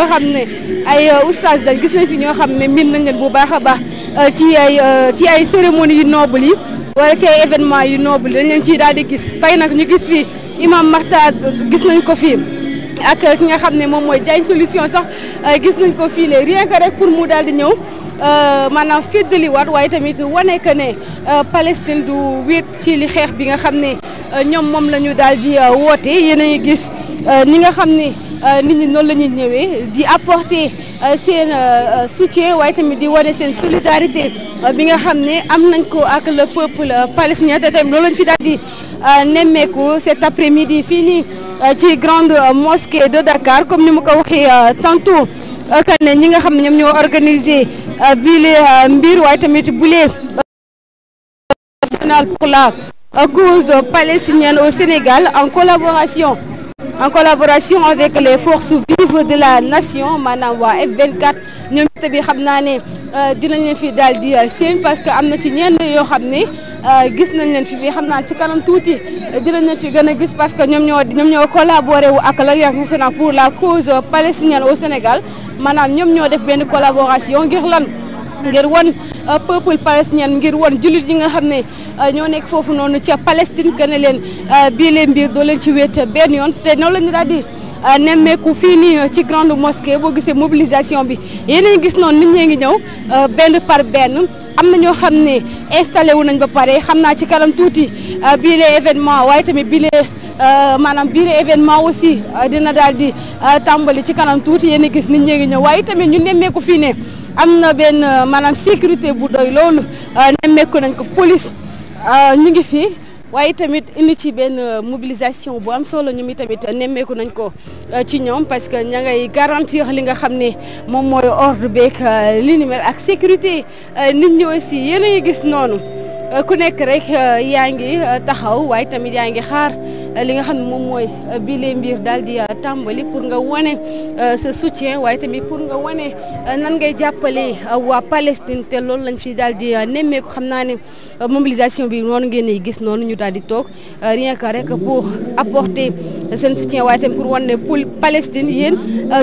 ñoo xam ne ay euh, oustaz dañ gis nañ fi ñoo xam ne miin nañ leen bu baax a baax euh, ci ay euh, ci ay cérémonie yu noble yi wala ci ay événement yu noble dañ leen ciy daal di gis tey nag ñu gis fii imam Makhtar gis nañ ko fi ak ki nga xam ne moom mooy Diagne solution sax ay gis nañ ko fii le rien que rek pour mu daal di ñëw maanaam féddaliwaat waaye tamit wane que ne Palestine du wéet ci li xeex bi nga xam ne ñoom moom la ñu daal di woote yéen a gis ni nga xam ni Euh, nit ñi noonu la ñuy ñëwee di apporter euh, seen euh, soutien waaye tamit di wane seen solidarité bi nga xam ne am nañ ko ak le peuple palestinien te tamit loolu lañ fi daal di nemmeeku cet après-midi fii nii ci grande mosquée de Dakar comme ni ma ko waxee tantôt que ne ñi nga xam ne ñoom ñoo organiser bile mbir waaye tamit bile national pour la cause palestinienne au Sénégal en collaboration. en collaboration avec les forces vives de la nation maanaam waa F24 ñoom it bi xam naa ne euh, dinañu fi daal di euh, seen parce que am na ci ñenn yoo xam ne euh, gis nañ leen fi mais xam naa ci kanam tuuti dinañ leen fi gën a gis parce que ñoom ñoo ñoom ñoo collaboré wu ak l'Alliance nationale pour la cause palestinienne au Sénégal maanaam ñoom ñoo def benn collaboration ngir lan ngir won Euh, peuple palestinien ngir wan jullit yi nga xam ne euh, ñoo nekk foofu noonu ca Palestine que ne leen euh, bii leen mbir doo ci wet benn yoon te noonu la ñu daal di nemmeeku fii nii ci grande mosquée boo gisee mobilisation bi yeneen gis noonu nit ñee ngi ñëw benn par benn am na ñoo xam ne installé wu nañ ba pare xam naa ci kanam tuuti bii les événement waaye tamit bii les Euh, maanaam biir événement aussi euh, dina daal di euh, tàmbali ci kanam tuuti yéen a gis nit ñee ngi ñëw waaye tamit ñu nemmeeku fii ne am na benn maanaam sécurité bu doy loolu nemmeeku nañ ko police ñu ngi fii waaye tamit indi ci benn mobilisation bu am solo ñu mi tamit nemmeeku nañ ko ci ñoom parce que ña ngay garantir li nga xam ne moom mooy ordre beeg li ni mel ak sécurité nit ñi aussi yéen a ngi gis noonu ku nekk rek yaa ngi taxaw waaye tamit yaa ngi xaar. li nga xam ne moom mooy euh, bii les mbir daal di euh, tàmbali pour nga wane euh, sa soutien waaye tamit pour nga wane nan ngay jàppale waa Palestine te loolu lañ fi daal di nemmeeku xam naa ne mobilisation bi noonu ngeen di gis noonu ñu daal di toog rien que rek pour apporter seen soutien waaye tamit pour wane ne pour Palestine yéen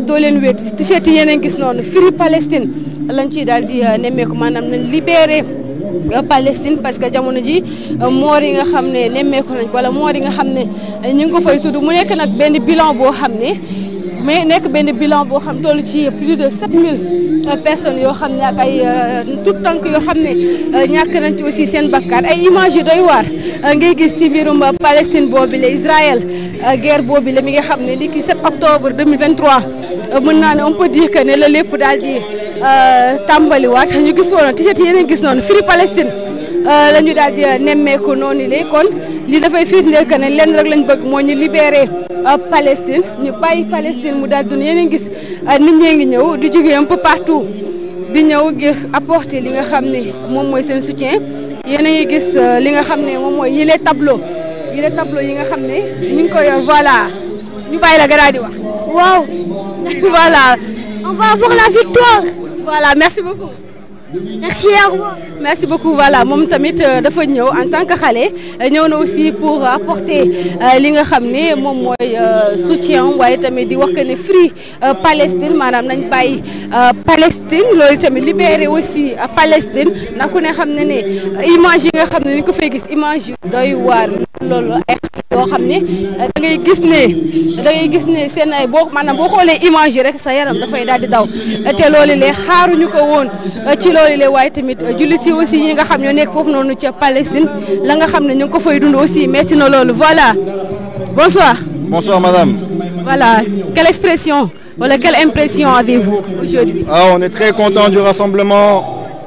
doo leen wéet t-shirt yi yéen a gis noonu Free Palestine lañ ciy daal di nemmeeku maanaam nañ libéré. Palestine parce que jamono ji euh, moor yi nga xam ne nemmeeku nañ wala moor yi nga xam ne euh, ñu ngi ko fay tudd mu nekk nag benn bilan boo xam ne mais nekk benn bilan boo xam toll ci plus de 7000 euh, personnes yoo xam ne ak ay tout tànk yoo xam ne ñàkk nañ ci aussi seen bakkaar ay images yu doy waar ngay gis ci mbirum Palestine boobi la Israël guerre boobi la mi nga xam ne ni ki 7 octobre 2023 mën naa ne on peut dire que ne la lépp daal di Euh, tàmbaliwaat ñu gis woon t-shirt yéen gis noonu Free Palestine euh, la ñu daal di euh, nemmeeku noonu léegi li dafay firndeel que ne lenn rek lañ bëgg moo ñu libéré Palestine ñu bàyyi Palestine mu daal dund yéen a ngi gis nit ñee ngi ñëw di jóge un peu partout di ñëw ngir apporter li nga xam ne moom mooy seen soutien yéen a ngi gis li nga xam ne moom mooy yile tableau yile tableau yi nga xam ne ñu ngi ko voilà ñu bàyyi la garaadi wax waaw voilà on va avoir voilà merci beaucoup. merci à vous. beaucoup voilà moom tamit euh, dafa ñëw en tant que xale euh, ñëw na aussi pour apporter euh, li nga xam ne moom mooy soutien waaye tamit di wax que ne Free Palestine maanaam nañ bàyyi Palestine loolu tamit libéré aussi Palestine ndax ku ne xam ne ne image yi nga xam ne ni ko fay gis image yu doy waar loolu ay loo xam ne da ngay gis ne da ngay gis ne seen ay boo maanaam boo xoolee image yi rek sa yaram dafay daal di daw te loolu le xaaruñu ko woon ci loolu le waaye tamit jullit yi aussi yi nga xam ñoo nekk foofu noonu ca Palestine la nga xam ne ñu ngi ko fay dund aussi metti na loolu voilà bonsoir. bonsoir madame. voilà quelle expression wala quelle impression avez-vous aujourd'hui. ah on est très content du rassemblement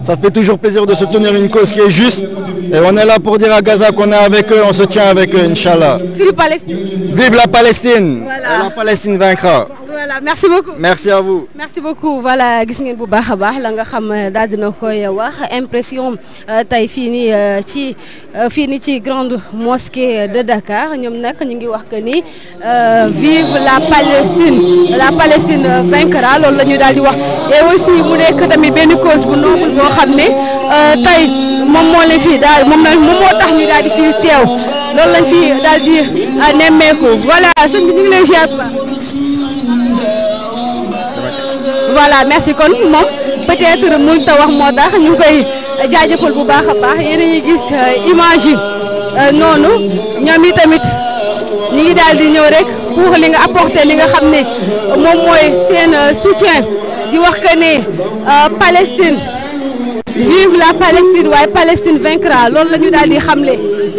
ça fait toujours plaisir de soutenir une cause qui est juste. Et on est là pour dire à Gaza qu'on est avec eux, on se tient avec eux, Inch'Allah. Vive la Palestine Vive la Palestine voilà. Et la Palestine vaincra voilà merci beaucoup merci à vous. beaucoup voilà gis ngeen bu baax a baax la nga xam euh, daal dina koy wax impression euh, tey fii nii euh, ci fii nii ci grande mosquée de Dakar ñoom nag ñu ngi wax que nii vive la Palestine la Palestine vaincra loolu la ñu daal di wax et aussi mu nekk tamit benn cause bu noble boo xam ne tey moom moo leen fi daal moom moo tax ñu daal di fi teew loolu lañ fi daal di nemmeeku voilà sëñ bi ñu ngi lay ziar voilà merci kon moom peut-être muñ ta wax moo tax ñu koy jaajëfal bu baax a baax yéen a ngi gis euh, image yi euh, noonu ñoom i tamit ñi ngi daal di ñëw rek li nga apporter li nga xam ne moom mooy seen euh, soutien di wax que ne Palestine vive la Palestine waaye Palestine vaincra loolu la ñu daal di xamle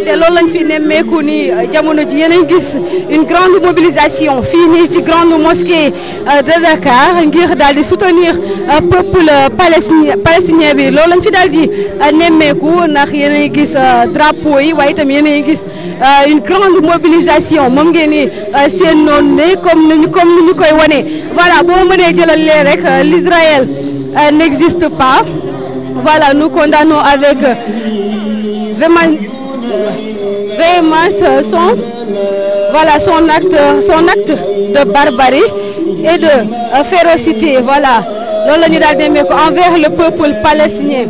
te loolu lañ fi nemmeeku ni euh, jamono ji yéen a gis une grande mobilisation fii nii ci grande mosquée euh, de Dakar ngir daal di soutenir euh, peuple palestinien bi lool lañ fi daal di nemmeeku ndax yéen a gis drapeau yi waaye itam yéen a gis une grande mobilisation moom ngeen ni seen noonu ne comme ni ñu comme ni ñu koy wane voilà boo mënee jëlal lee rek l'Israël n'existe pas. Voilà, nous condamnons avec vraiment, vraiment son, voilà, son, acte, son acte de barbarie et de euh, férocité. Voilà, loolu la ñu daal di demee ko envers le peuple palestinien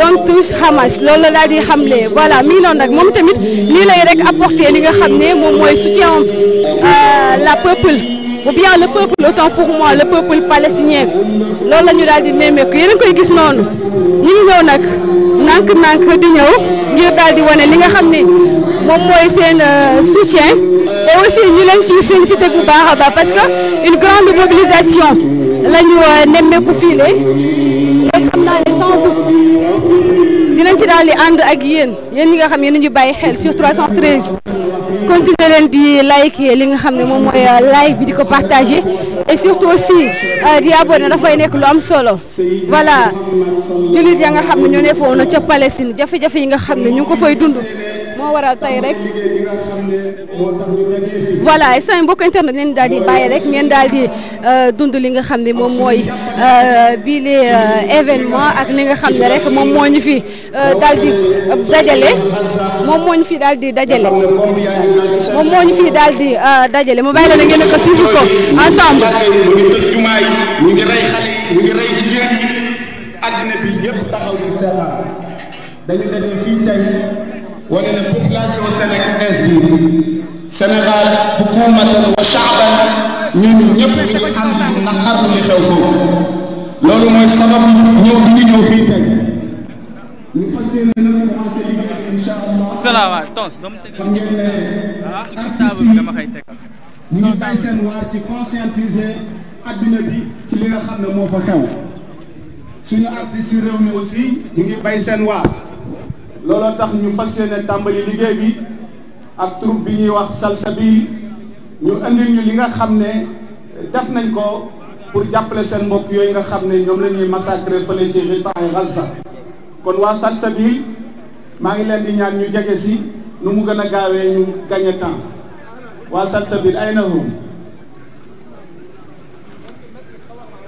donc tous Hamas loolu la daal di xamle voilà mi ngi nag moom tamit lii lay rek apporter li nga xam ne moom mooy soutien euh, la peuple. ou bien le peuple autant pour moi le peuple palestinien loolu la ñu di nemmeeku yéen a ngi koy gis noonu ñu ngi ñëw nag nànk-nànk di ñëw ngir daal wane li nga xam ne moom mooy seen euh, soutien et aussi ñu leen ciy félicité bu baax a baax parce que une grande mobilisation la ñu euh, nemmeeku fii de xam naa dinañ ci daal di ànd ak yéen yéen ñi nga xam yéen ñu bàyyi xel sur continuer leen di like li nga xam ne moom mooy euh, live bi di ko partager et surtout aussi euh, di abonné dafay nekk lu am solo voilà jullit ya nga xam ne ñoo nekkoon ca Palestine jafe-jafe yi nga xam ne ñu ko fay dund moo waral tey rek. voilà et ça mbokk internet leen daal di rek ngeen daal euh, dund li nga xam ne moom mooy euh, bii euh, événement ak li nga xam ne rek moom moo ñu fi daal di dajale moom moo fi daal di dajale moom moo ñu fi daal di dajale ma bàyyi la ngeen ko suivre ko ensemble. wane na population sénégalaise bi Sénégal hukumatan wa shaaban ñun ñëpp ñu ngi am lu naqar li xew foofu loolu mooy sabab ñëw bi ñu ñëw fii tey ñu fas yéene nag commencé liggéey incha allah. salaamaaleykum tos ba mu tëgg. xam ngeen ne ah, artistes yi ñu ngi bay seen waar ci conscientiser adduna bi ci li nga xam ne moo fa xew suñu artistes yi réew mi aussi ñu ngi bay seen waar. looloo tax ñu fas yéene tàmbali liggéey bi ak troupe bi ñuy wax Salsabil ñu indil ñu li nga xam ne def nañ ko pour jàppale seen mbokk yooyu nga xam ne ñoom la ñuy massacré fële ci ritaay Gaza kon waa Salsabil maa ngi leen di ñaan ñu jege si nu mu gën a gaawee ñu gagné temps waa Salsabil ay na hum